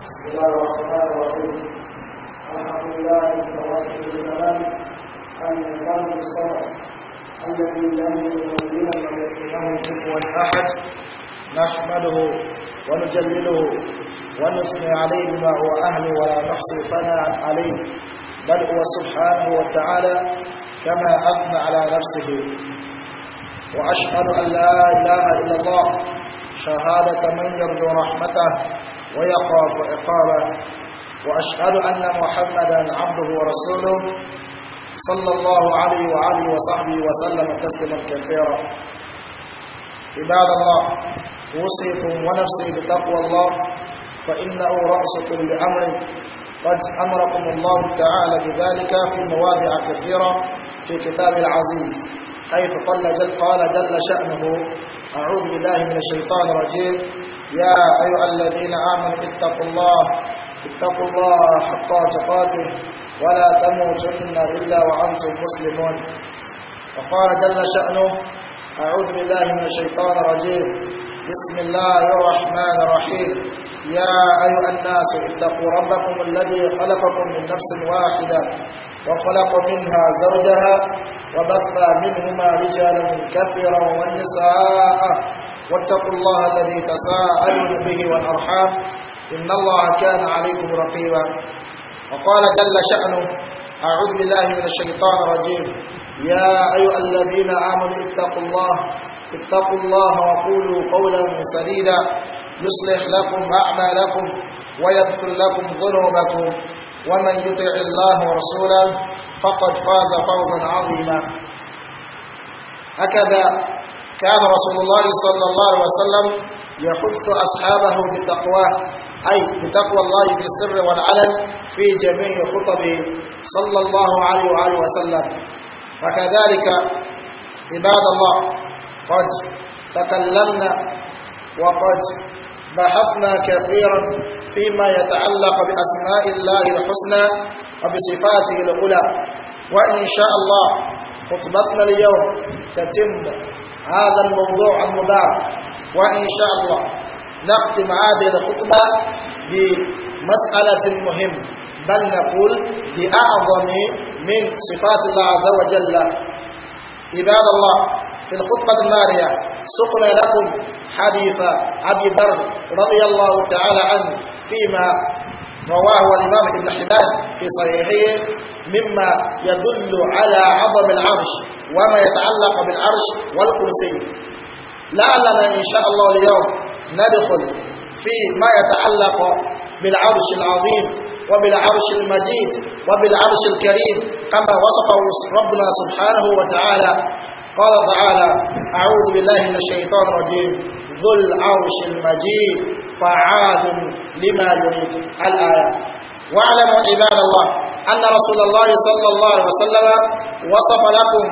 بسم الله الرحمن الرحيم الحمد لله الذي احد نحمده ونجلله ونثني عليه بما هو أهل ولا نحصي ثناء عليه بل هو سبحانه وتعالى كما اثنى على نفسه واشهد ان لا اله الا الله شهاده من يرجو رحمته ويخاف عقابه وأشهد أن محمدا عبده ورسوله صلى الله عليه وعلى وصحبه وسلم تسليما كثيرا عباد الله أوصيكم ونفسي بتقوى الله فإنه رأس كل أمر قد أمركم الله تعالى بذلك في مواضع كثيرة في كتاب العزيز حيث قال جل, قال جل شأنه أعوذ بالله من الشيطان الرجيم يا أيها الذين آمنوا اتقوا الله اتقوا الله حق تقاته ولا تموتن إلا وأنتم مسلمون وقال جل شأنه أعوذ بالله من الشيطان الرجيم بسم الله الرحمن الرحيم يا أيها الناس اتقوا ربكم الذي خلقكم من نفس واحدة وخلق منها زوجها وبث منهما رجالا كثيرا والنساء واتقوا الله الذي تساءلون به والأرحام إن الله كان عليكم رقيبا وقال جل شأنه أعوذ بالله من الشيطان الرجيم يا أيها الذين آمنوا اتقوا الله اتقوا الله وقولوا قولا سديدا يصلح لكم أعمالكم ويغفر لكم ذنوبكم ومن يطع الله ورسوله فقد فاز فوزا عظيما هكذا كان رسول الله صلى الله عليه وسلم يحث أصحابه بتقواه أي بتقوى الله في السر والعلن في جميع خطبه صلى الله عليه وآله وسلم وكذلك عباد الله قد تكلمنا وقد بحثنا كثيرا فيما يتعلق بأسماء الله الحسنى وبصفاته العلى وإن شاء الله خطبتنا اليوم تتم هذا الموضوع المبارك وإن شاء الله نختم هذه الخطبة بمسألة مهمة بل نقول بأعظم من صفات الله عز وجل عباد الله في الخطبة المارية سقنا لكم حديث أبي ذر رضي الله تعالى عنه فيما رواه الإمام ابن حبان في صحيحه مما يدل على عظم العرش وما يتعلق بالعرش والكرسي لعلنا إن شاء الله اليوم ندخل في ما يتعلق بالعرش العظيم وبالعرش المجيد وبالعرش الكريم كما وصفه ربنا سبحانه وتعالى قال تعالى أعوذ بالله من الشيطان الرجيم ذو العرش المجيد فعال لما يريد الآية واعلموا عباد الله أن رسول الله صلى الله عليه وسلم وصف لكم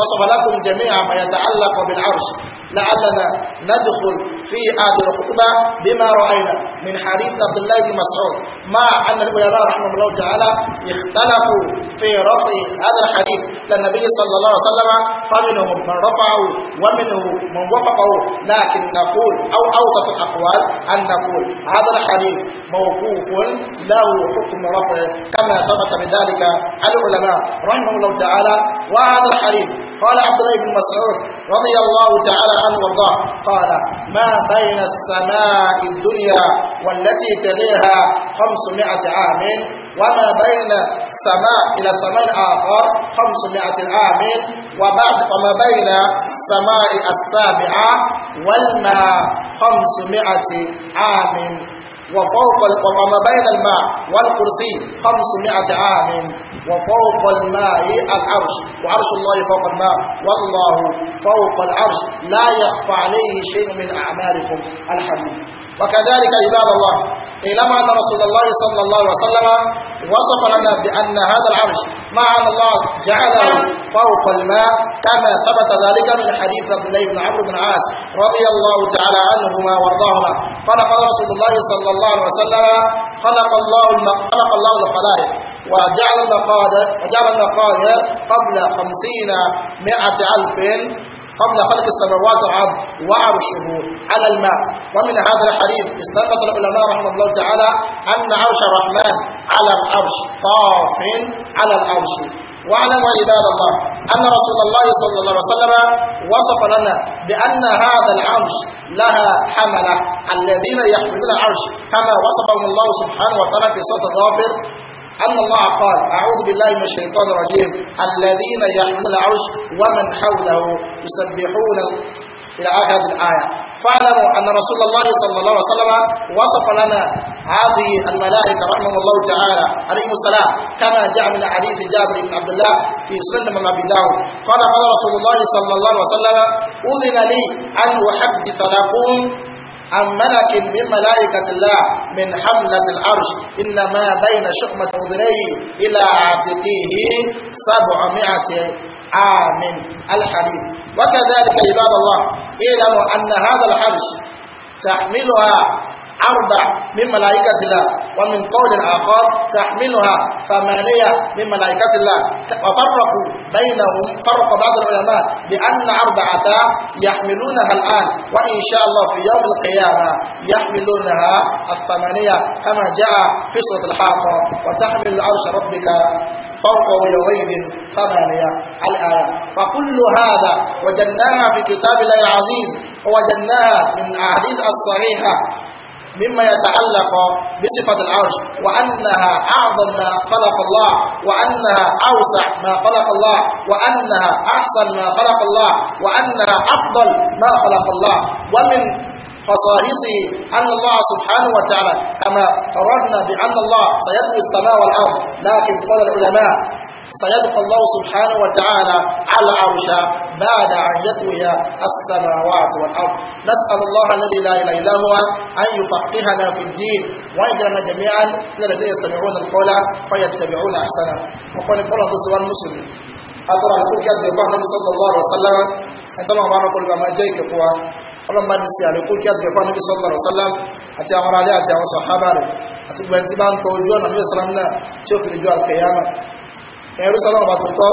وصف لكم جميع ما يتعلق بالعرش لعلنا ندخل في هذه الخطبة بما رأينا من حديث عبد الله بن مسعود مع أن العلماء رحمه الله تعالى اختلفوا في رفع هذا الحديث للنبي صلى الله عليه وسلم فمنهم من رفعه ومنه من وفقه لكن نقول أو أوسط الأقوال أن نقول هذا الحديث موقوف له حكم رفعه كما ثبت بذلك العلماء رحمه الله تعالى وهذا الحديث قال عبد الله بن مسعود رضي الله تعالى عنه وارضاه قال ما بين السماء الدنيا والتي تليها 500 عام وما بين السماء إلى سماء اخر 500 عام وبعد وما بين السماء السابعة والماء 500 عام وفوق وما بين الماء والكرسي 500 عام وفوق الماء العرش وعرش الله فوق الماء والله فوق العرش لا يخفى عليه شيء من أعمالكم الحديث وكذلك عباد الله ما أن رسول الله صلى الله عليه وسلم وصف لنا بأن هذا العرش مع أن الله جعله فوق الماء كما ثبت ذلك من حديث عبد الله بن عمرو بن عاص رضي الله تعالى عنهما وارضاهما خلق رسول الله صلى الله عليه وسلم خلق الله خلق الله الخلائق وجعل المقادة وجعل المقادة قبل خمسين مائة ألف قبل خلق السماوات والأرض وعرشه على الماء ومن هذا الحديث استنبط العلماء رحمه الله تعالى أن عرش الرحمن على العرش طاف على العرش واعلموا عباد الله أن رسول الله صلى الله عليه وسلم وصف لنا بأن هذا العرش لها حملة الذين يحملون العرش كما وصفهم الله سبحانه وتعالى في سورة غافر أن الله قال أعوذ بالله من الشيطان الرجيم الذين يحملون العرش ومن حوله يسبحون إلى آخر الآية فاعلموا أن رسول الله صلى الله عليه وسلم وصف لنا هذه الملائكة رحمه الله تعالى عليهم السلام كما جاء من حديث جابر بن عبد الله في سنن من أبي داود قال قال رسول الله صلى الله عليه وسلم أذن لي أن أحدث لكم عن ملك من ملائكة الله من حملة العرش إنما بين شحمة أذنيه إلى عاتقيه سبعمائة عام الحديث وكذلك عباد الله اعلموا أن هذا العرش تحملها أربع من ملائكة الله ومن قول آخر تحملها ثمانية من ملائكة الله وفرقوا بينهم فرق بعض العلماء بأن أربعة يحملونها الآن وإن شاء الله في يوم القيامة يحملونها الثمانية كما جاء في سورة الحاقة وتحمل عرش ربك فوق يومئذ ثمانية الآية فكل هذا وجدناها في كتاب الله العزيز ووجدناها من أحاديث الصحيحة مما يتعلق بصفة العرش وأنها أعظم ما خلق الله وأنها أوسع ما خلق الله وأنها أحسن ما خلق الله وأنها أفضل ما خلق الله ومن خصائصه أن الله سبحانه وتعالى كما قررنا بأن الله سيدني السماء والأرض لكن قال العلماء سيبقى الله سبحانه وتعالى على عرشه بعد أن يطوي السماوات والأرض نسأل الله الذي لا إله إلا هو أن يفقهنا في الدين ويجعلنا جميعا الذين يستمعون القول فيتبعون أحسنه وقال فرد سوى المسلم أدرى لكل كاتب النبي صلى الله عليه وسلم عندما أمرنا قل بما جاءك فوا ọlọ́run bá ní sí àlékún kí àtìgẹ̀fà níbi sallallahu alaihi wasallam àti àwọn ará alẹ́ àti àwọn sàhábà rẹ̀ àti gbẹ̀ntí bá ń tọ ojú ọ̀nà níbi sọ́lá náà tí ó fi lè jọ àkẹyàmà ẹ̀rú sọ́lọ́run bá tó tọ́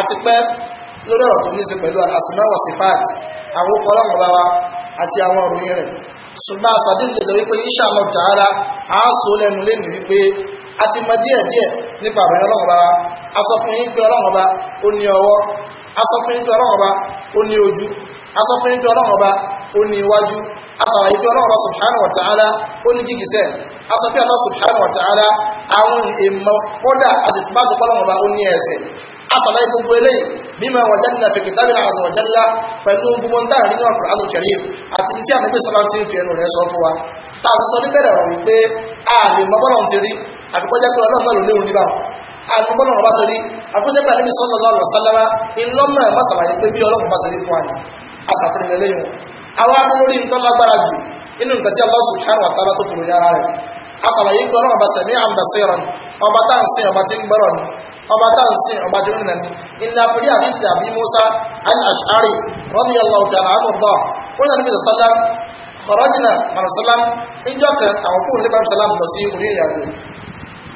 àti pé lórí ọ̀rọ̀ tó ní í pẹ̀lú àsìmọ́ wa sifat àwọn orúkọ ọlọ́run bá wa àti àwọn òròyìn rẹ̀ ṣùgbọ́n àṣàdínlẹ̀ lọ wípé insha Allah ta'ala a sọ lẹ́nu lẹ́nu wípé a ti mọ díẹ̀ díẹ̀ nípa àbẹ̀rẹ̀ ọlọ́run bá wa a sọ fún yín pé ọlọ́run bá ó ní ọwọ́ a sọ fún yín pé ọlọ́run bá ó ní ojú a sọ fún yín pé ọlọ́run bá ó ní iwájú a sàlàyé pé ọlọ́run bá subhanahu wa ta'ala ó ní gìgísẹ̀ a sọ pé Allah subhanahu wa ta'ala àwọn èèmọ̀ kódà a sì bá ti pọ́ ọlọ́run bá ó ní ẹsẹ̀ asàlàyé gbogbo eléyìí mímọ̀ wàjánà fi kìtàbí àzà wàjánlá pẹ̀lú gbogbo ń dáhùn nínú àkùránù Karim àti tí a nígbèsọ́ máa ti ń fi ẹnu rẹ̀ sọ fún wa ta sì sọ níbẹ̀rẹ̀ rọ̀ wípé a lè mọ bọ́lọ̀ ti rí àfikọ́jẹ́ pé ọlọ́run mẹ́rin léwu níbà a lè mọ bọ́lọ̀ bá sọ rí àfikọ́jẹ́ pé alẹ́bí sọ́nà lọ́rọ̀ sálára ìlọ́mọ̀ ẹ̀ mọ́sàlàyé pé bí ọlọ́run bá sọ rí fún wa ni a sàfihàn eléyìí àwọn adé lórí nǹkan lágbára jù nínú nǹkan tí Allah subhanahu wa ta'ala tó fòrò yára rẹ̀ a sàlàyé pé ọlọ́run bá sẹ̀mí àmbàṣẹ́rọ̀ ọba táà ń sin ọba tí ń gbọ́rọ̀ ni ọba tá ń sin ọba tó ń nà ní ilẹ̀ àfẹ́rí àdínsì àbí musa al-ashari radiyallahu ta'ala anhu dọ̀ wọ́n yàrá níbi sọ́lá kọ̀rọ́jìnà marasalam ìjọ kan àwọn kúrò nípa salam lọ sí orí ìrìnàjò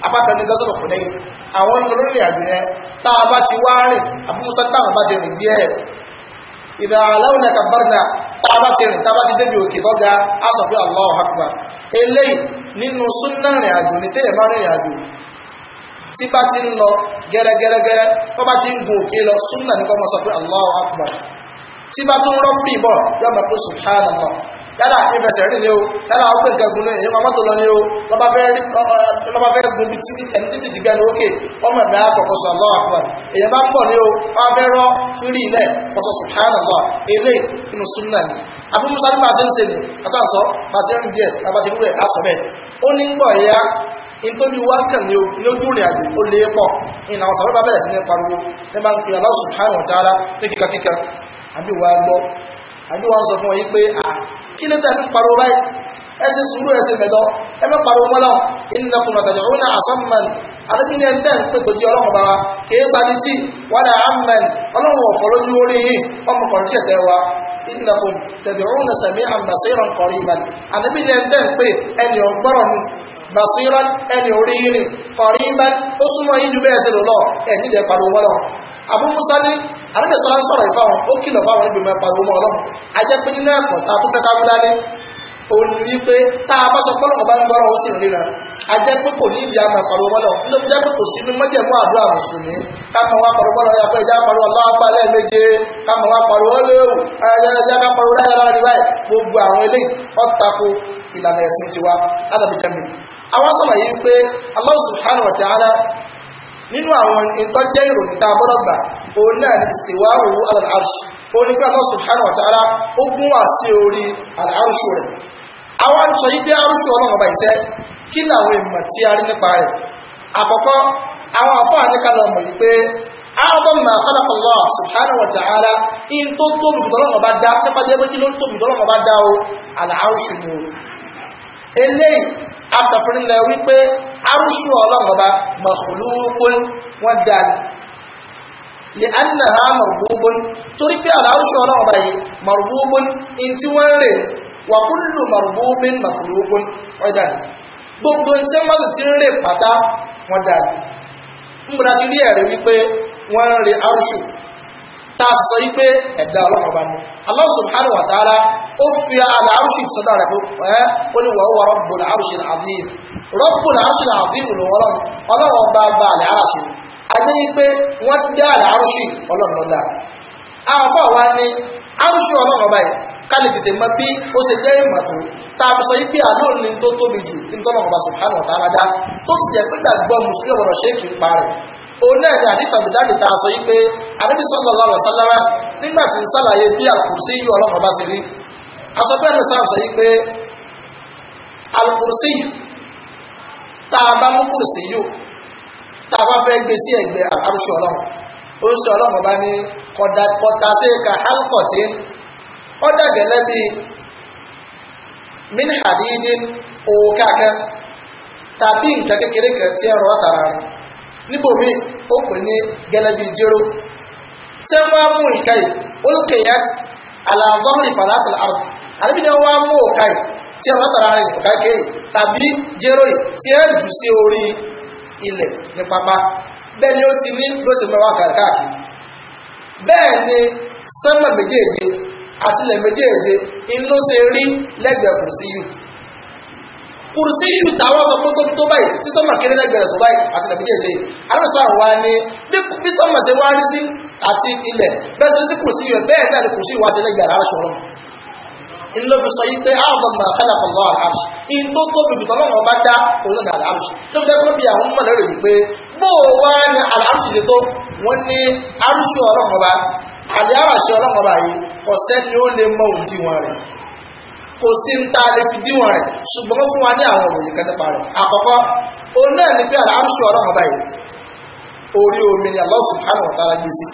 apákan ní gọ́sọ̀rọ̀ kò lẹ́yìn àwọn lórí ìrìnàjò yẹn tá a bá ti wá rìn àbí musa táwọn bá ti rìn díẹ̀ ìdá aláwọ̀n ẹ̀ka bárnà tá a bá ti rìn tá a bá ti débi òkè tó ga á sọ pé akbar eléyìí nínú súnnà ìrìnàjò ní téèyàn máa ń tí bá ti ń lọ gẹ́rẹ́gẹ́rẹ́gẹ́rẹ́ tó bá ti ń gun òkè lọ súnà ní kọ́mọ sọ pé Allahu Akbar tí bá tún rọ́ fúrì bọ̀ yóò mọ̀ pé subhanallah yálà ìfẹsẹ̀ rìn ní o yálà ó gbé nǹkan gun ní èyí ọmọ tó lọ ní o lọ́ba fẹ́ gun bí títí ẹni títí ti gbẹnu òkè ọmọ ìgbà àkọ́kọ́ sọ Allahu Akbar èyí bá ń bọ̀ ní o wọ́n fẹ́ rọ́ fúrì ilẹ̀ kọ́sọ̀ subhanallah ilé inú súnà ni Musa ní bá a ṣe ń ṣe ni a sàn sọ bá a ṣe ń díẹ̀ nítorí wákàn ní ojú rẹ̀ àjò ó lé pọ̀ ìnà àwọn sàbẹ́bà bẹ̀rẹ̀ sí ní pariwo ní bá ń pè Allah subhanahu wa ta'ala ní kíkakíka àbí wà gbọ́ àbí wà ń sọ fún wọn yí pé à kí ló tẹ́ fi pariwo báyìí ẹ ṣe sùúrù ẹ ṣe mẹ́dọ́ ẹ mẹ́ pariwo mọ́ lọ́wọ́ innakum tad'una asamman àdébìnrin ẹni tẹ́ ń pè gbòjì ọlọ́run bàbá kìí sáré tí wala amman ọlọ́run ọ̀fọ́ lójú orí yìí ọmọkùnrin ṣẹ̀tẹ̀ wa innakum tad'una sami'an basiran ẹni orí rìn kọ̀ríban ó súnmọ́ yín ju bẹ́ẹ̀ sí lò lọ ẹ̀yìn ìdẹ̀ pariwo wọn lọ Abu Musa ní àdúgbò sọlá ń sọ̀rọ̀ ìfáwọn ó kìlọ̀ fáwọn níbi mọ́ pariwo wọn lọ ajẹ́ pé nínú ẹ̀kọ́ ta tó fẹ́ ká mú dání òun ni wípé tá a bá sọ pé ọlọ́mọba ń gbọ́rọ̀ ó sì ríra ajẹ́ pé kò ní ìdí àmọ́ pariwo wọn lọ ló jẹ́ pé kò sí ní mọ́jẹ̀mú àdúrà mùsùlùmí káma wá pariwo wọn lọ yà pé ìjà pariwo aláàbá lẹ́ẹ̀méje káma wá pariwo léwu ẹ̀yà ká pariwo láyà lára báyìí gbogbo àwọn eléyìí ọ̀tako ìlànà ẹ̀sìn tiwa ládàbí àwọn sàlàyé pé Allah subhanahu wa ta'ala nínú àwọn nǹkan jẹ́ ìròyìn tá a gbọ́dọ̀ gbà òun náà ni istiwa'uhu 'ala al-'arsh òun ni pé Allah subhanahu wa ta'ala ó gún wà sí orí al-'arsh rẹ̀ àwọn sọ yìí pé arúṣù ọlọ́run ọba ìṣẹ́ kí làwọn èèmọ̀ tí a rí nípa rẹ̀ eléyìí asọ̀fúnilẹ̀ wípé arúṣù ọlọ́mọba mọ̀kùlùkún wọ́n dàní lè anna ha mọ̀rùbùbùn torí pé àlárúṣù ọlọ́mọba yìí mọ̀rùbùbùn in tí wọ́n rè wà kúlù mọ̀rùbùbùn mọ̀kùlùkún wọ́n dàní gbogbo tí wọ́n sì ti ń rè pátá wọ́n dàní ń ti rí ẹ̀rí wípé wọ́n ń rè arúṣù tá a sọ yìí pé ẹ̀dá ọlọ́run ọba ni Allah subhanahu wa ta'ala ó fi àlà arúṣì sọ́dọ̀ rẹ̀ ẹ́ ó ní wàá wà rabbul arshil azim rabbul arshil azim ló wọ́n ọlọ́run ọba bá àlẹ́ arásì ni ajẹ́ yìí pé wọ́n dá àlẹ́ arúṣì ọlọ́run lọ́dà àwọn afọ ni arúṣì ọlọ́run ọba yìí ká lè tètè mọ bí ó ṣe jẹ́ ìmọ̀tò tá a sọ yìí pé àlóò ní tó tóbi jù ní tọ́lọ́run ọba subhanahu wa ta'ala dá tó sì jẹ́ pé gbàgbọ́ mùsùlùmí ọ̀rọ̀ ṣe kì í parẹ́ òun náà ni àdìsá bìdáàdì tá a sọ yìí pé àdìbí sallallahu alaihi wasallam nígbà tí ń sàlàyé bí al-Kursi yìí ọlọ́run ọba ṣe rí asọ́pẹ́ ẹ̀mí sáà sọ yìí pé al-Kursi tá a bá mú kùrùsí yìí tá a bá fẹ́ gbé sí ẹ̀gbẹ́ àrùsí ọlọ́run orúsí ọlọ́run ọba ní kọ̀tà sí ka halkọ̀tì ó dàgẹ́lẹ́ bíi min òwò káàkẹ́ tàbí nǹkan kékeré kan tí ẹ̀rọ tàrà níbòmíì ó pè ní gẹ́lẹ́ bíi jéró tí wọ́n mú ìka yìí olùkèyàt aláàgọ́rì fàlátìlá àrùn àdébí ni wọ́n mú òka yìí tí ẹ mọ́tàrà rẹ̀ òka ike yìí tàbí jéró yìí tí ẹ jù sí orí ilẹ̀ ní pápá bẹ́ẹ̀ ni ó ti ní lóṣù mẹ́wàá kàkàkiri bẹ́ẹ̀ ni sánmà méjèèje àtìlẹ̀ méjèèje in ló ṣe rí lẹ́gbẹ̀ẹ́ kùrùsí yù kùrùsí yù táwọn sọ pé tó báyìí tí sánmà kéré lẹ́gbẹ̀ẹ́ tó báyìí àtìlẹ̀ méjèèje alùsùn wa ni bí sọ́mà ṣe wá rí sí àti ilẹ̀ bẹ́ẹ̀ sí kùrùsí yọ bẹ́ẹ̀ náà ni kùrùsí wa ṣe lẹ́gbẹ̀ẹ́ aláṣọ ọlọ́run ìlọ́bi sọ yí pé àwọn ọmọ àkàlà kan lọ́wọ́ àlàáṣì in tó tóbi jù tọ́lọ́wọ́ ọba dá òun náà àlàáṣì ló jẹ́ pé bí àwọn mọ̀ lérò yìí pé bó o wá ní àlàáṣì ṣe tó wọ́n ní àrùsù ọlọ́wọ́ ọba àlàáṣì ọlọ́wọ́ ọba yìí kò sẹ́ni ó lè mọ òun díwọ̀n rẹ̀ kò sí ń ta lè fi díwọ̀n rẹ̀ ṣùgbọ́n fún wa ní àwọn òròyìn kan nípa rẹ̀ àkọ́kọ́ òun náà ni pé àlàáṣì ọlọ́wọ́ ọba yìí orí omi ni Allah subhanahu wa ta'ala gbé sí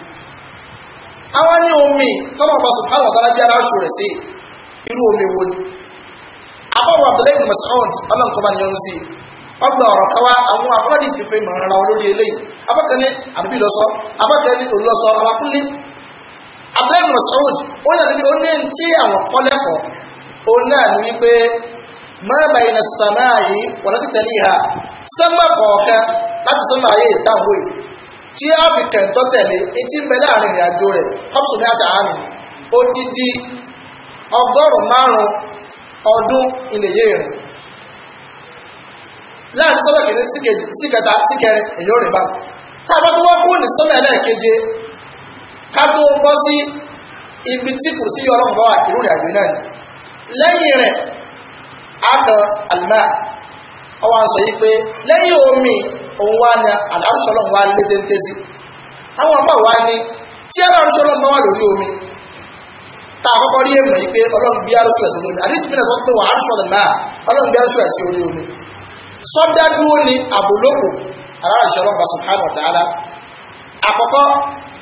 ní omi tọ́lá ọba subhanahu wa ta'ala aláṣọ rẹ̀ sí irú omi wo ni abdullahi ọlọ́nkọ́ba ni sí ọgbà ọ̀rọ̀ àwọn fífẹ́ ara olórí eléyìí abákaní àbíbí lọ́sọ abákaní olùlọ́sọ ọlákúnlé abdullahi Mas'ud ó yà níbi ó àwọn wípé ma bayna as-samaa'i wa la taliha sánmà kọ̀ọ̀kan láti tí a fi kẹ̀ntọ́ tẹ̀lé etí ń bẹ láàrin ìrìn àjò rẹ̀ hapsoni àti àmì odidi ọgọ́rùn márùn ọdún ilẹ̀yẹ rẹ̀ láàrin sọ́bẹ̀ kìíní síkẹta síkẹrin èyí ò rè bá tábà tó wá kú ní sọ́bẹ̀ ẹlẹ́ẹ̀keje ká tó bọ́ sí ibi tí kù sí ọlọ́run bá wà ìrú ìrìn àjò lẹ́yìn rẹ̀ a kan àlùmáà ọwọ́ à ń sọ yìí pé lẹ́yìn omi òun wá ní àdárúsọ́lọ́n wá lé téńté sí àwọn afọ àwa ni tí àdárúsọ́lọ́n bá wà lórí omi tá a kọ́kọ́ rí èmọ̀ yìí pé ọlọ́run bí arúṣọ ẹ̀sìn lórí àdéhùn ìpínlẹ̀ tó ń pè wà arúṣọ ọ̀dọ̀ náà ọlọ́run bí arúṣọ ẹ̀sìn orí omi sọ́dá dúró ni àbòlókò àdárúṣọ ọlọ́run bá subhanahu wa ta'ala àkọ́kọ́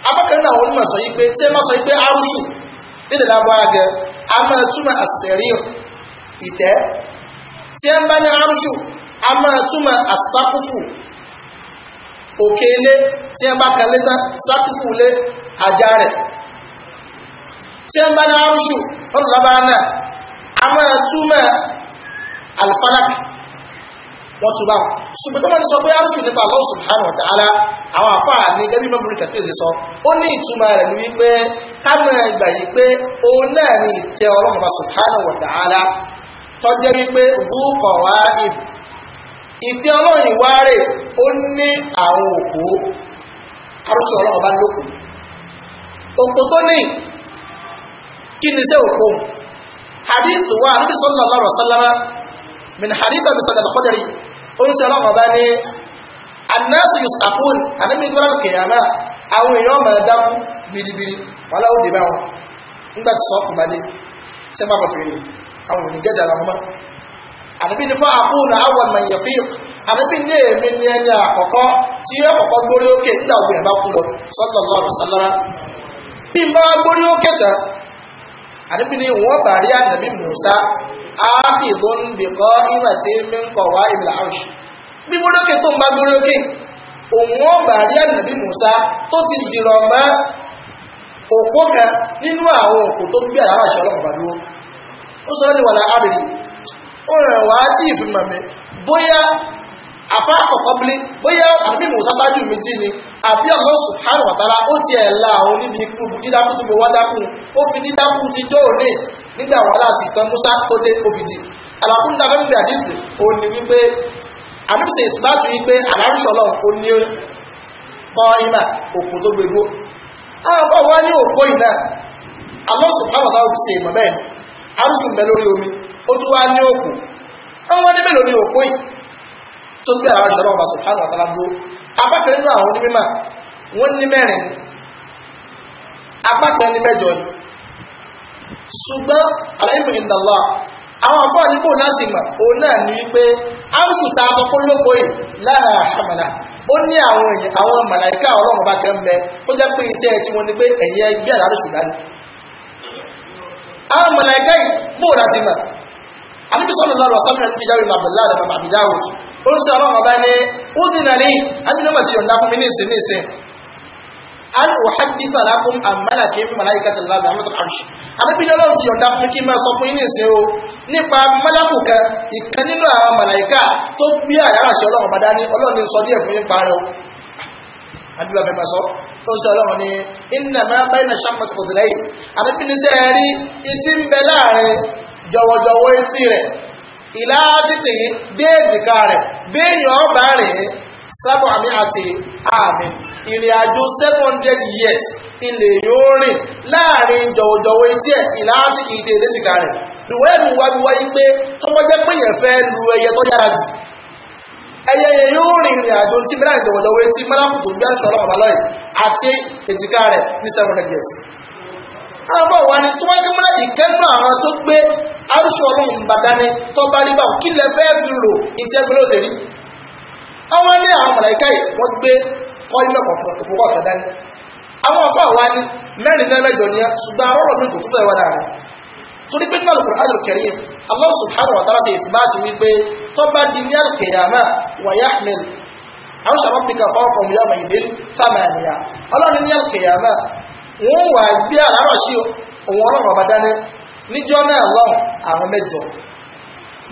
abọ́kẹ́ náà wọ́n mọ̀ sọ yìí pé tí ẹ má sọ yìí pé arúṣù nílẹ̀ lágbára gẹ a máa túmọ̀ àṣẹ̀rí ìtẹ́ tí ẹ ń bá ní arúṣù a máa túmọ̀ àṣàkúfù òkè ilé tí wọ́n bá kan lé tán sákùfù lé àjà rẹ̀ tí wọ́n bá ní arúṣù ọlọ́lọ́bá náà a máa túmọ̀ alfanak wọ́n tún bá wọn ṣùgbọ́n tó máa ń sọ pé arúṣù nípa Allah subhanahu wa ta'ala àwọn àfáà ní gẹ́gẹ́ mẹ́mú rí kàfíìsì sọ ó ní ìtumọ̀ rẹ̀ ní wípé ká máa gbà yí pé òun náà ní ìtẹ́ ọlọ́mọba subhanahu wa ta'ala tọ́jẹ́ wípé ògùn kọ̀wá ìbù ìtẹ́ ọlọ́run ìwá rẹ̀ ó ní àwọn òpó arúṣọ ọlọ́run bá lóko òpó tó ní kí ni sẹ́ òpó hadith wa anabi sallallahu alaihi wa sallam min hadith abi sallallahu al-khudri ó ń sọ ọlọ́run bá ní annasu yusakun anabi tó lálùkè àmà àwọn èèyàn máa dákú biribiri wọn láwọn òde bá wọn nígbà tí sọ bá dé sẹ́ńpà bọ̀ fèrè àwọn òní gẹ́jà làwọn máa àdébí ní fún àbúrò àwọn ọmọ ìyẹn fíìk àdébí ní èmi ní ẹni àkọ́kọ́ tí yóò kọ́kọ́ gbórí òkè nígbà obìnrin bá kú lọ sallallahu alaihi wasallam bí n bá gbórí òkè tán àdébí ní wọ́n bá rí àdàbí Mùsá áfìdún bìkọ́ ìmọ̀ tí mi ń kọ̀ wá ìmìlà àrùsì bí gbórí òkè tó ń bá gbórí òkè òun wọ́n bá rí àdàbí Mùsá tó ti dìrọ̀ mọ́ òpó kan nínú àwọn òkú tó ń gbé àdára ó rẹ̀ wá tí ìfìmọ̀ mi bóyá àfa àkọ́kọ́ bílé bóyá àbí mò ń mi jí ni àbí Allah subhanahu wa ta'ala ó ti ẹ̀ la àwọn níbi ikú dídákú tí mo wá dákú ó fi dídákú ti jó òní nígbà wàhálà àti ìtàn Musa tó dé ó fi di àlàkùn tá a fẹ́ gbé àdìsí ó ní wípé àdìsí ìsìbáàtú yìí pé àlárúṣọ lọ ó ní kọ́ ìmà òkú tó gbé dúró àwọn wa ní òpó ìná Allah subhanahu wa ta'ala ó fi ṣe ìmọ̀ bẹ́ẹ̀ arúṣù ń lórí omi ó tún wá ní òkú àwọn ọdẹ mélòó ní òkú yìí tó gbé àwọn ìṣẹ̀lẹ̀ ọba subhanahu wa ta'ala dúró apákan nínú àwọn onímọ̀ wọ́n ní mẹ́rin apákan ní mẹ́jọ ni ṣùgbọ́n aláìmọ̀ ìdàlọ́ àwọn àfọwọ́ nípò láti mọ̀ òun náà ní wípé áwùsù ta aṣọ kó lóko yìí lára àṣàmàlà ó ní àwọn èèyàn àwọn màláìka ọlọ́run ọba kan bẹ ó jẹ́ pé iṣẹ́ tí wọ́n ní pé ẹ̀yìn ẹgbẹ́ àdáròṣù dání àwọn màláìka yìí bóòdà ti mọ̀ anabi sallallahu alaihi wasallam ní fìjáwé abdullahi àdàbà àbídáwò ó ń sọ ọlọ́run ọba ní ó dín nàlẹ́ àdínà màtí yọ̀ǹda fún mi ní ìsìn ní ìsìn an uhaddisa lakum an malakin malaikati allah bi amrul arsh anabi ní ọlọ́run ti yọ̀ǹda fún mi kí n máa sọ fún yín ní ìsìn o nípa malaku kan ìkan nínú àwọn malaika tó gbé àyàrá ṣe ọlọ́run ọba dání ọlọ́run ní sọ díẹ̀ yín parẹ́ o àdúrà fẹ́ máa sọ ó sọ ọlọ́run ní inna ma bayna shammati udhulayn anabi ní sẹ́ẹ̀rí ìtì ń bẹ láàrin jọ̀wọ̀jọ̀wọ̀ etí rẹ̀ ìlà títì déèjìká rẹ̀ béèyàn ọba rẹ̀ sábà mi àti àmì ìrìn àjò seven hundred years ilẹ̀ yóò rìn láàrin jọ̀wọ̀jọ̀wọ̀ etí ẹ̀ ìlà títì déèjìká rẹ̀ ìwé ẹ̀mí wájú wáyé pé tọ́mọ́jẹ́ pé yẹn fẹ́ lu ẹyẹ tó yára jù ẹyẹ yẹn yóò rìn ìrìn àjò tí mílíọ̀nù jọ̀wọ̀jọ̀wọ̀ etí mọ́lákùtù gbẹ́sọ̀ ọlọ́mọbalọ́yìn àti èjìká rẹ̀ ní seven hundred years àbọ̀ wa ni tó bá gbé mọ́lá ìkẹ́nu àwọn tó gbé arúṣọ ọlọ́run bàdání tó bá rí báwọn kí lẹ fẹ́ fi rò ìtí ẹgbẹ́ lóṣè rí àwọn ní àwọn mọ̀láìká yìí wọ́n gbé kọ́ ilé ọ̀pọ̀ ọ̀pọ̀ dání àwọn afọ àwa ni mẹ́rin náà mẹ́jọ ni ṣùgbọ́n arọ́rọ̀ mi kò tó fẹ́ wá dára torí pé náà lùkùrọ̀ àjò kẹrin yìí Allah subhanahu wa wọ́n wà gbé àlárọ̀ sí òun ọlọ́run ọba dání níjọ́ náà lọ́hùn àwọn mẹ́jọ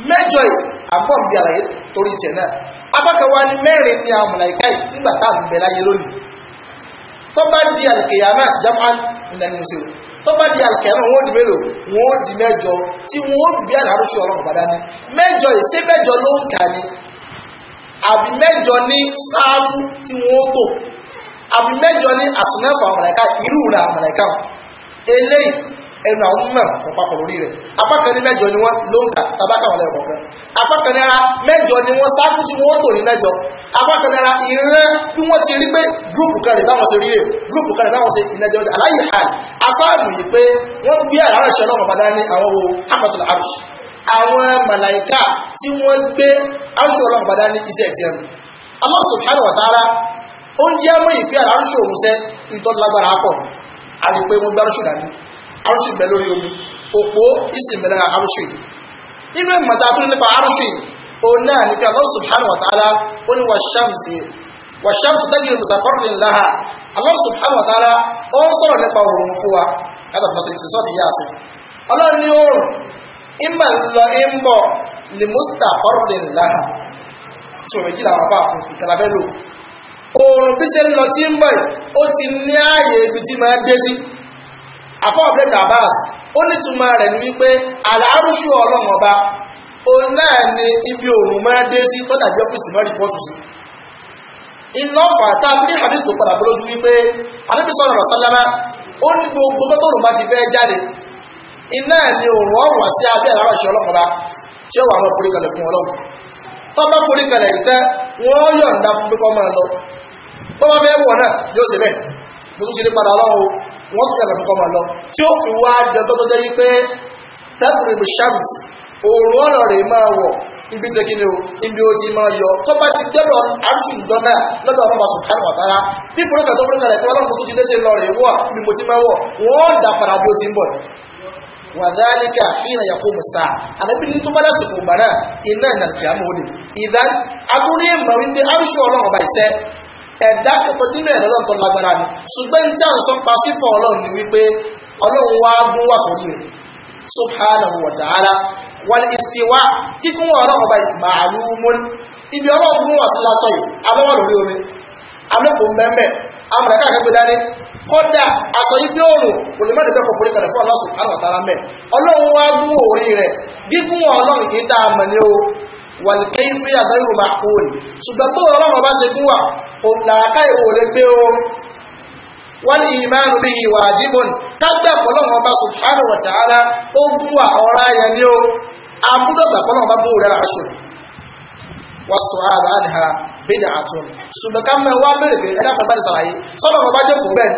mẹ́jọ yìí àbọ̀nbí àlàyé torí ìtẹ̀ náà abákan wa ní mẹ́rin ní àwọn mọ̀láìká yìí nígbà tá à ń bẹ láyé lónìí tó bá di àlùkìyàmá japan ìlànà ìṣòro tó bá di àlùkìyàmá wọn ò di mélòó wọn ò di mẹ́jọ tí wọn ò bí àlárọ̀ sí ọlọ́run ọba dání mẹ́jọ yìí ṣé mẹ́jọ ló ń kà ní àbí mẹ́jọ ní sáfù tí wọn ó àbí mẹ́jọ ní àsùnmẹ́fà àmàlẹ́ká irú rẹ̀ àmàlẹ́ká eléyìí ẹnu àwọn mímọ̀ ọ̀pápọ̀ lórí rẹ̀ apákan ní mẹ́jọ ni wọ́n ló ń kà tabaka wọn lẹ́kọ̀ọ́ kan apákan náírà mẹ́jọ ni wọ́n sáfù tí wọ́n tò ní mẹ́jọ apákan náírà ìrẹ́ bí wọ́n ti rí pé gúrùpù kan rẹ̀ báwọn ṣe rí rẹ̀ gúrùpù kan rẹ̀ báwọn ṣe ìnẹjọ aláyè hàn asáàmù yìí pé wọ́n gbé àrà ṣẹ náà bàbá ní àwọn wo hamatul arush àwọn màláìka tí wọ́n gbé arush ọlọ́run bàbá ní iṣẹ́ tiẹ̀ Allah subhanahu wa ta'ala ó ń jẹ́ mọ́ ìpín àrùsù òun sẹ́ ìtọ́lágbára pọ̀ àti pé wọ́n gbá àrùsù dání àrùsù ìbẹ̀ lórí omi òpó ìsìnbẹ̀ lára àrùsù yìí nínú ìmọ̀ta tó nípa àrùsù yìí òun náà ní pé Allah subhanahu wa ta'ala ó ní wàṣàmùsì wàṣàmùsì tajri mùsàkọ́rìn láha Allah subhanahu wa ta'ala ó ń sọ̀rọ̀ nípa òun fún wa yàtọ̀ fọ́tìlì sọ́ọ̀tì yá oòrùn bí ṣe ń lọ tí ń bọ̀ ó ti ní ààyè ibi tí máa dé sí afọ́ọ̀bẹ́ dabas ó nítumọ̀ rẹ̀ ni wípé àlárúṣù ọlọ́run òun náà ni ibi oòrùn máa dé sí tó ọ́fíìsì mọ́ rìpọ́tù sí ìlọ́fà tá ní tó padà wípé adébísọ̀ ọ̀rọ̀ sálámà ó ní gbogbo tó bá ti fẹ́ ni ọ̀rùn wá sí abẹ́ tí ó wà fún ọlọ́run bá yìí tẹ́ wọ́n yọ̀ǹda fún tó bá fẹ́ wọ̀ náà yóò ṣe bẹ́ẹ̀ mo tún ṣe ní padà ọlọ́run wọ́n tún yàgbẹ̀ fúnkọ́ máa lọ tí ó fi wá dandan tó jẹ́ yí pé tẹ́kùnrin bí shams òòrùn ọ̀nà rẹ̀ máa wọ̀ ibi tẹ kí ni o ibi o ti máa yọ tó bá ti dẹ́rọ àṣù ìdán náà lọ́dọ̀ ọmọ bàṣù kánú àtàrà bí fúnrẹ́kà tó fúnrẹ́kà rẹ̀ pé ọlọ́run tó ti dé sí lọ rẹ̀ wọ̀ ni mo ti máa wọ̀ wọ́n dà padà bí o ti ń bọ̀ wàdálíkà hìnà yàkó musa àdàbí ní tó bá lásìkò gbà náà iná ìnàkìyàmọ́ ni ìdá agúnlé mọ̀ wípé àrùsù ọlọ́run ọba ìṣẹ́ ẹ̀dá kẹtọ nínú ẹ̀dá ọlọ́run tó lágbára ni ṣùgbọ́n tí a ń sọ pa sífọ̀ ọlọ́run ni wípé ọlọ́run wá gún wà sórí rẹ̀ subhanahu wa ta'ala wal istiwa kíkún ọ̀rọ̀ ọba ma'lumun ibi ọlọ́run gún wà sí lásọ yìí alọ́wọ́ lórí omi alẹ́kùn mẹ́mẹ́ amúnaka kẹgbẹ́ dání kọ́dà aṣọ ibi òòrùn olùmọ́ni bẹ́ẹ̀ kò forí kalẹ̀ fún ọlọ́sùn subhanahu wa ta'ala mẹ́ ọlọ́run wá gún orí rẹ̀ gígún ọlọ́run kì í tá a mọ̀ ní wàlìkẹ́yìnfẹ́ àdáyìrò máa kó ní ṣùgbọ́n bó ọlọ́run bá ṣe fún wa làákà ìwò lè gbé o wọ́n ní ìmánu bí ìwà àjíbọn kágbẹ́ ọ̀pọ̀lọ́run ọba subhanahu wa ta'ala ó gún wa ọ̀rá yẹn ní o amúdọ̀gbà ọ̀pọ̀lọ́run bá gbóòrẹ́ rà aṣọ wọ́n sọ ààrẹ àdìhà bídà àtún ṣùgbọ́n ká mẹ́ wá bèrè bèrè ẹ̀dá kan bá ti ṣàlàyé sọ́dọ̀ ọba jẹ́ bẹ́ẹ̀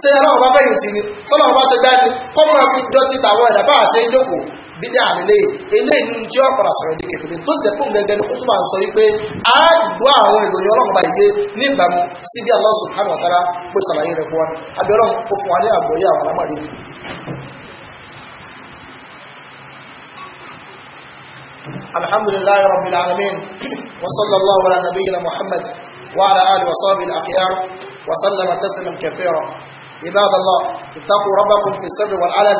ṣé ọlọ́run bá fẹ́yìntì ni sọ́dọ̀ ọba ṣe gbá ni kọ́mọ́ fi dọ́tí tàwọn ẹ̀dá bá àṣẹ ìjókòó bídà àlélẹ́ eléyìí nínú tí ó padà sọ̀rọ̀ ní kẹfìrí tó jẹ́ pé gẹ́gẹ́ ní kótó máa ń sọ wípé a gbọ́ àwọn ìròyìn ọlọ́run bá yé ní ìbámu sí bí Allah subhanahu wa ta'ala pé sàlàyé rẹ̀ fún wa abẹ́ ọlọ́run kó fún wa ní àgbọ́yé àwọn alámọ̀rí. alhamdulillahi rabbil alamin wa sallallahu ala nabiyyina muhammad wa ala alihi wa sahbihi al-akhyar wa sallama tasliman kathira ibadallah ittaqu rabbakum fi sirri wal alal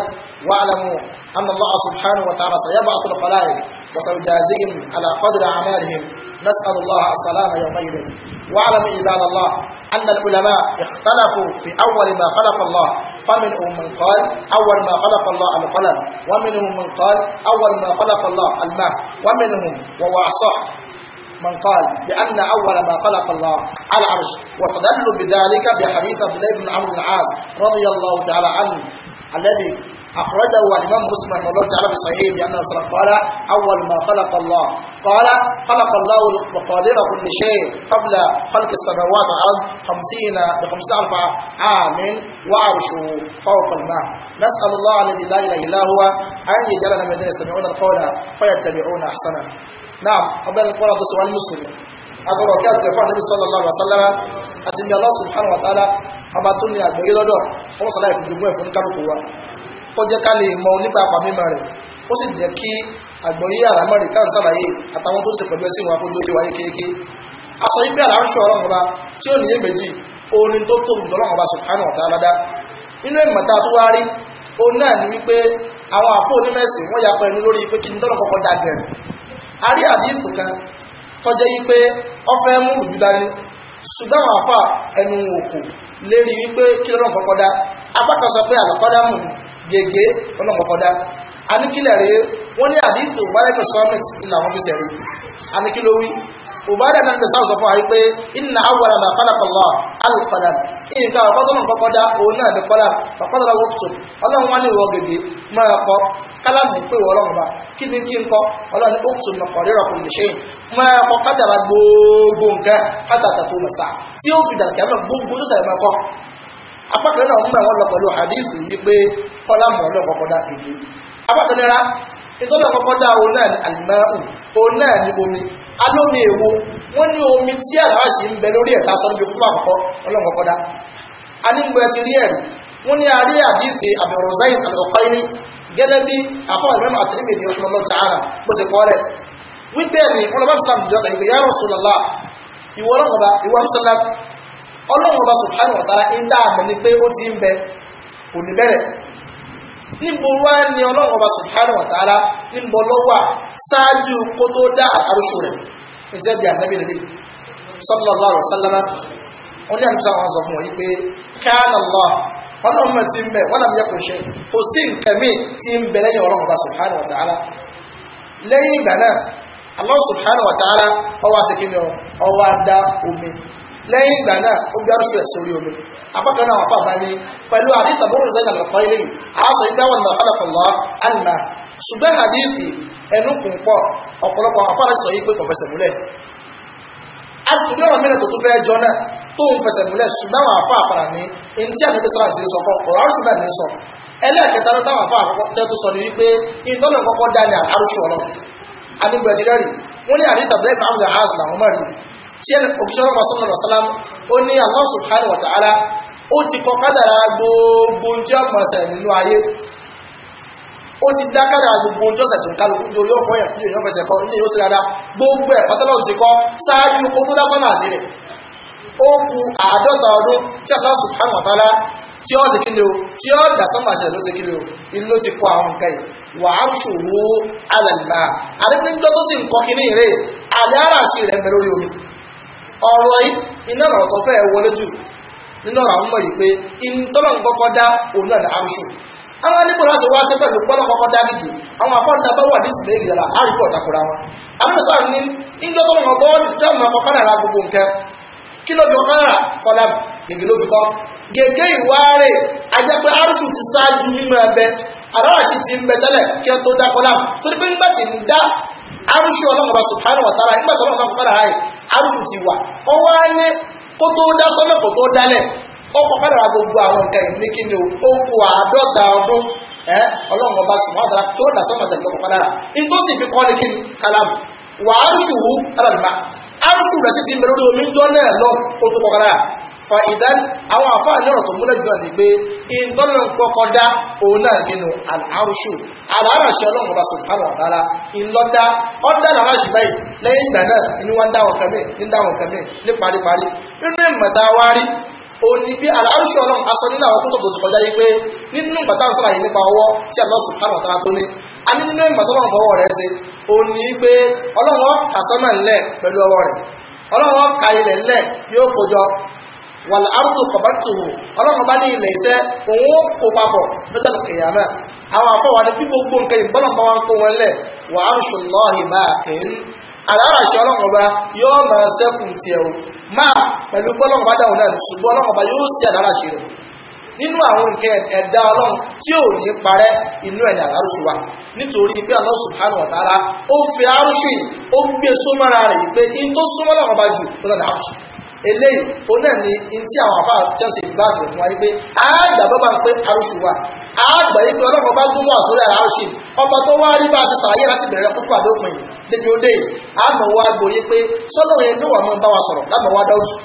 واعلموا أن الله سبحانه وتعالى سيبعث الخلائق وسيجازيهم على قدر أعمالهم نسأل الله السلامة يومئذ واعلم عباد الله أن العلماء اختلفوا في أول ما خلق الله فمنهم من قال أول ما خلق الله القلم ومنهم من قال أول ما خلق الله الماء ومنهم وهو أصح من قال بأن أول ما خلق الله العرش واستدلوا بذلك بحديث عبد الله بن عمرو بن العاص رضي الله تعالى عنه الذي أخرجه الإمام مسلم رحمه الله تعالى في صحيحه بأن رسول قال أول ما خلق الله قال خلق الله مقادير كل شيء قبل خلق السماوات والأرض خمسين بخمسين ألف عام وعرشه فوق الماء نسأل الله الذي لا إله إلا هو أن يجعلنا من الذين يستمعون القول فيتبعون أحسنه نعم قبل القرى سؤال مسلم أقول كيف كفى النبي صلى الله عليه وسلم أسمي الله سبحانه وتعالى أما تني أبي لدو وصلى الله عليه وسلم ó jẹ́ ká lè mọ nípa àpamímọ rẹ̀ ó sì jẹ́ kí àgbọ̀yé àlámọ̀rẹ̀ tá à ń sàlàyé àtàwọn tó ṣe pẹ̀lú ẹ̀sìn wọn akójú ojú wáyé kéèké a sọ yìí pé àlárúṣọ ọlọ́run ọba tí ó níyè méjì orin tó tóbi jù ọlọ́run ọba subhanahu wa ta'ala nínú ìmọ̀ta tó wá rí òun náà ni wípé àwọn àfọ onímẹ̀sìn wọ́n yapa ẹnu lórí pé kí ni tọ́lọ̀ kọ́kọ́ da gẹ̀rẹ̀ a rí àdíìfù kan tọ́jẹ́ yí pé ọfẹ́ mú rùjú dání ṣùgbọ́n àwọn àfà ẹnu òkò lérí wípé kí lọ́lọ́ kọ́kọ́ da apá sọ pé àlàkọ́dá mú gègé ọlọ́mọkọ́dá aníkílẹ̀ rèé wọ́n ní àdífì òbárẹ́kì summit ilẹ̀ àwọn fífẹ́ rí aníkílówí òbárẹ́ náà gbèsè àwọn sọ fún wa pé inna awwala ma khalaqa Allah al-qalam nǹkan àwọn kọ́tọ́nù kọ́kọ́dá òun náà ní kọ́lá fàkọ́tọ́lá wọ́pùtò ọlọ́run wá ní ìwọ gègé máa kọ́ kálámù pé ọlọ́run bá kí ni kí n kọ́ ọlọ́run wọ́pùtò mọ̀kọ́rẹ́rọ̀ kò lè ṣe máa kọ́ kádàrà gbogbo nǹkan kádàtà tó mọ̀ tí ó fi dàrẹ́kẹ́ mọ̀ gbogbo tó sẹ̀rẹ̀ mọ̀ kọ́ apá náà ń gbà wọ́n lọ pẹ̀lú hadith yìí kọ́lámù ọlọ́kọ̀ọ́kọ́dá èdè abákanira ìtọ́lọ́kọ̀ọ́kọ́dá òun náà ni àlìmáàù òun náà ni omi alómi èwo wọ́n ní omi tí àlàáṣì ń bẹ lórí ẹ̀ lásán níbi fún àkọ́kọ́ ọlọ́kọ̀ọ́kọ́dá anígbẹ́ ti rí ẹ̀rí wọ́n ní arí àdífi àbẹ̀rọ̀záyìn àlọ́kọ́ìní gẹ́gẹ́ bí àfọwọ́n ìmọ̀ àtẹ̀lẹ́mì ní ọkùnrin lọ́ta ara bó ti kọ́ rẹ̀ wípé ẹni ọlọ́bá sàm jọba ìgbé níbo wá ní ọlọ́run ọba subhanahu wa ta'ala níbo lọ́wọ́ ṣáájú kó tó dá àrùsù rẹ̀ ìjẹ́ bí ànábì nílé sallallahu alaihi wasallam wọn ní àdúgbò àwọn sọ fún wọn yìí pé káàna lọ ọlọ́run mọ̀ tí ń bẹ̀ wọ́n làmú yẹ kò ṣe kò sí nǹkan míì tí ń bẹ lẹ́yìn ọlọ́run ọba subhanahu wa lẹ́yìn ìgbà náà Allah subhanahu wa ọwọ́ àṣekínni ọwọ́ àdá omi lẹ́yìn ìgbà náà ó gbé àrùsù rẹ̀ sórí omi apákan náà fà bá ní pẹ̀lú àdìsà bọ́ọ̀rù zayn àlùkọ́ ilé àásọ ìgbà wọn náà kálọ̀ kọ̀lọ́ àlùmá ṣùgbọ́n àdìsì ẹnu kùn pọ̀ ọ̀pọ̀lọpọ̀ àfáàrẹ̀ sọ yìí pé kò fẹsẹ̀ múlẹ̀ asìkúdé ọ̀rọ̀ mìíràn tó tún fẹ́ jọ náà tó ń fẹsẹ̀ múlẹ̀ ṣùgbọ́n àwọn àfáà àpàrà ní ẹni tí àdìsì sára ti sọ kọ ọ̀rọ̀ àrùsùn náà ní sọ ẹlẹ́ẹ̀kẹta ló táwọn àfáà àkọ́kọ́ tẹ́ tó sọ ní wípé ìtọ́nà kọ́kọ́ dá ní àrùsùn ọ̀rọ̀ àdìgbẹ̀dìrẹ́rì wọ́n ní àdìsì àbúlẹ̀ ìbámu tí òkìṣẹ́ ọlọ́pàá sọ́nà lọ́sálám ó ní Allah subhanahu wa ta'ala ó ti kọ kádàrà gbogbo ojú ọmọ ẹsẹ̀ nínú ayé ó ti dá kádàrà gbogbo ojú ọ̀sẹ̀ sùn kálukú lórí ọ̀fọ̀ yẹn fúnjẹ yọ̀fọ̀ ẹsẹ̀ kọ ní yóò sì rárá gbogbo ẹ̀ pátálọ́ ti kọ ṣáájú ó tó dá sọ́nà àti rẹ̀ ó ku àádọ́ta ọdún tí Allah subhanahu wa ta'ala tí ó ti kí ni o tí ó dà sọ́mà ṣẹlẹ̀ ló ti kí ni o ilé ti kọ àwọn nǹkan yìí wà á ṣòro alàlùmá àdébíníjọ́ tó sì ń kọ́ kí ní ìrè àdé rẹ̀ mẹ́ omi ọ̀rọ̀ yìí iná ọ̀rọ̀ tó fẹ́ wọlé jù nínú ọ̀rọ̀ àwọn ọmọ yìí pé ìtọ́lọ̀ ń kọ́kọ́ dá òun náà àrùsù àwọn nípò láti wá sí pẹ̀lú pọ́lọ́ kọ́kọ́ dá gidi àwọn afọ́nta bá wà ní ìsìnkú èyí lára àrùkọ̀ takora wọn àwọn sáà ní ńdọ́kọ̀ wọn bọ́ jọ́mọ̀ kọ́kọ́ náà gbogbo nǹkan kí ló fi kọ́kọ́ náà kọ́lá gègé ló fi kọ́ gègé ìwárè ajẹ́pẹ́ àrùsù ti ṣáájú mímọ́ ẹbẹ àdáwàṣì ti ń bẹ tẹ́lẹ̀ kí ẹ tó ọlọ́mọba subhanahu wa ta'ala ńgbà ọlọ́mọba kọ́kọ́ náà arúgbó ti wà wọ́n wá ní kó tó dá sọ́mọ̀ kó tó dálẹ̀ ọkọ̀ pẹ́rẹ́ra gbogbo àwọn nǹkan ìdílé kí ni ó kó àádọ́ta ọdún ẹ ọlọ́run ọba sùn wọ́n dára tó dà sọ́mọ̀ tẹ̀lé ọkọ̀ dára ìtòsí fi kọ́ ni kí ni kálámù wà á rúṣù wú alábìmá á rúṣù sì ti mẹ́rẹ́ omi jọ́ náà lọ kó tó kọ́ dára fa ìdán àwọn àfáà ní ọ̀rọ̀ tó múlẹ̀ jùlọ ni pé ìtọ́lọ̀ kọ́kọ́ dá òun náà nínú àlárùṣù àláràṣì ọlọ́run ọba subhanahu wa ta'ala ìlọ́dá ọ̀dá àláràṣì báyìí lẹ́yìn ìgbà náà ni wọ́n ń dáwọn kan mìíràn ní dáwọn kan mìíràn ní paríparí nínú ìmọ̀ta wá rí òun ni bí àlárùṣù ọlọ́run aṣọ nínú àwọn kótó tó kọjá yìí pé nínú bàtà ń sọ̀rọ̀ yìí nípa ọwọ́ tí Allah subhanahu wa ta'ala tó ní a ní nínú ìmọ̀tọ́ ọlọ́run fọwọ́ rẹ̀ ṣe òun ni pé ọlọ́run kà sánmà ńlẹ̀ pẹ̀lú ọwọ́ rẹ̀ ọlọ́run kà ilẹ̀ ńlẹ̀ yóò kójọ wàlẹ̀ arúgbó kọ̀bátìwò ọlọ́run bá ní ilẹ̀ iṣẹ́ òun ó kó papọ̀ lọ́jọ́ kìyàmẹ́ àwọn afọwà ní bí gbogbo nǹkan ìbọ́lọ̀ bá wọn kó wọn lẹ̀ wà á rùsù lọ́ọ̀hì máa kẹ́yìn aláràṣẹ ọlọ́run ọba yóò máa sẹ́kùn tiẹ̀ o máa pẹ̀lú bọ́lọ́run bá dáhùn náà ṣùgbọ́n ọlọ́run ọba yóò sí aláràṣẹ rẹ̀ nínú àwọn nǹkan ẹ̀dá ọlọ́run tí ò ní parẹ́ inú ẹ̀dá àrùsù wa nítorí pé Allah subhanahu wa ta'ala ó fi àrùsù yìí ó gbé sómọ́ra rẹ̀ yìí pé in tó sómọ́ lọ́wọ́ bá jù ó lọ́dà àrùsù eléyìí ó náà ní in tí àwọn àfáà Chelsea bá sọ̀rọ̀ fún wa yí pé àgbà bọ́ bá ń pé arúṣù wa àgbà yí pé ọlọ́run bá gún wà sórí àrùṣì ọba tó wá rí bá a ṣe sàlàyé láti bẹ̀rẹ̀ kúkú àdópin débi ó dé àmọ̀ wa gbòye pé sọ́dọ̀ yẹn ló wà mọ́ bá wa sọ̀rọ̀ lámọ̀ wa dáwùtù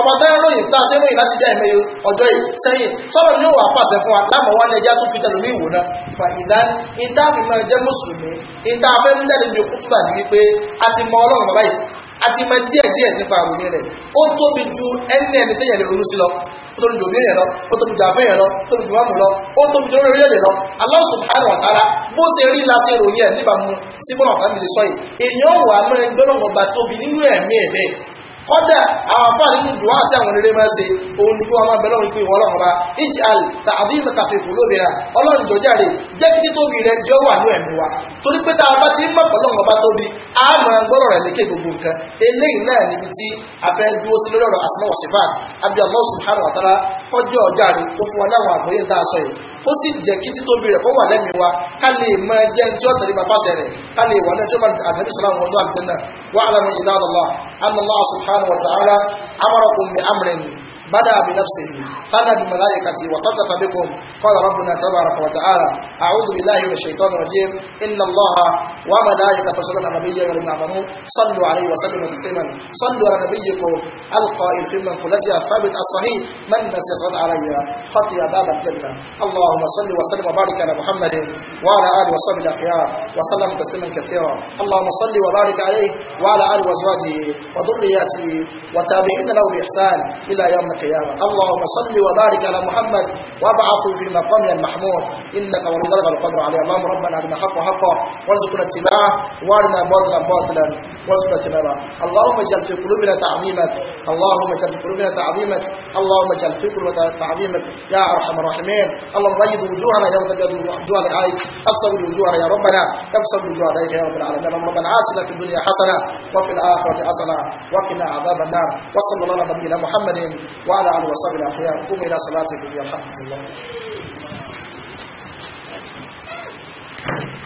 ọba táyà lóyìn tá a ṣe lóyìn láti jẹ́ ìmọ̀ ọjọ́ yìí sẹ́yìn sọ́dọ̀ ni ó wà fún wa lámọ̀ wa ní ẹja fi tẹ̀lómi ìwò náà fa ìdá ìta fi máa jẹ́ mùsùlùmí ìta afẹ́ mú jáde ní okútùbà ní wípé a ti mọ ọlọ́run bàbá yìí àti mọ díẹ̀ díẹ̀ nípa àròyìn rẹ̀ ó tóbi ju ẹni ẹni tẹ́yẹ̀ lè ronú sí lọ ó tóbi ju òbí yẹn lọ ó tóbi ju àfẹ́ yẹn lọ ó tóbi ju mọ́mù lọ ó tóbi ju lórí yẹn lọ Allah subhanahu wa ta'ala bó ṣe rí láti ròyìn ẹ̀ níbàámu sí bọ́lá ọ̀tá mi lè sọ yìí èèyàn wà mọ́ ẹgbẹ́ lọ́wọ́ bá tóbi nínú ẹ̀mí ẹ̀ kọ́dà àwọn afáàní ní dùn àti àwọn onílé máa ṣe òun ní kí wọ́n máa bẹ̀rẹ̀ òun pé ìwọ́n ọlọ́run bá ìjì àlè tàbí ìmọ̀kàfẹ́ kò lóbìnrin ọlọ́run jọjá rè jẹ́ kí títóbi rẹ jọ wà ní ẹ̀mí wa torí pé tá a bá ti ń mọ̀pọ̀ lọ́wọ́ bá tóbi a máa gbọ́rọ̀ rẹ̀ lékè gbogbo nǹkan eléyìí náà níbi tí a fẹ́ dúró sí lórí ọ̀rọ̀ àsìmọ́wọ̀sífà àbí Allah subhanahu wa ta'ala kọjọ́ ọjà rẹ̀ ó fún wa láwọn àgbóyè tá a sọ yìí ó sì jẹ́ kí títóbi rẹ̀ kó wà lẹ́mìí wa ká lè mọ ẹjẹ́ tí ó tẹ̀lé bàbá sẹ̀rẹ̀ ká lè wà lẹ́jọ́ bá àdàbí sàlámù wọn tó àlùjẹ́ wà á lọ́mọ ìlànà allah anna allah subhanahu wa ta'ala amarakum amrin بدأ بنفسه ثنى بملائكته وقذف بكم قال ربنا تبارك وتعالى أعوذ بالله من الشيطان الرجيم إن الله وملائكته يصلون على النبي والذين آمنوا صلوا عليه وسلموا تسليما صلوا على نبيكم القائل في منقلتها الثابت الصحيح من نسي صلى علي خطي باب الجنة اللهم صل وسلم وبارك على محمد وعلى آله وصحبه الأخيار وسلم تسليما كثيرا اللهم صل وبارك عليه وعلى آله وأزواجه وذرياته وتابعين له بإحسان إلى يوم القيامة اللهم صل وبارك على محمد وابعثه في مقام المحمود إنك ولي القدر عليه اللهم ربنا أرنا حق حقا وارزقنا اتباعه وارنا باطلا باطلا واثبت اللهم اجعل في قلوبنا تعظيمك اللهم اجعل في قلوبنا تعظيمك اللهم اجعل في قلوبنا تعظيمك يا ارحم الراحمين اللهم بيض وجوهنا يوم تجد وجوه العائد ابصر وجوهنا يا ربنا ابصر وجوه عليك يا رب العالمين اللهم ربنا عاسنا في الدنيا حسنه وفي الاخره حسنه وقنا عذاب النار وصلى الله على نبينا محمد وعلى اله وصحبه الاخيار قوم الى يا يرحمكم الله Thank you.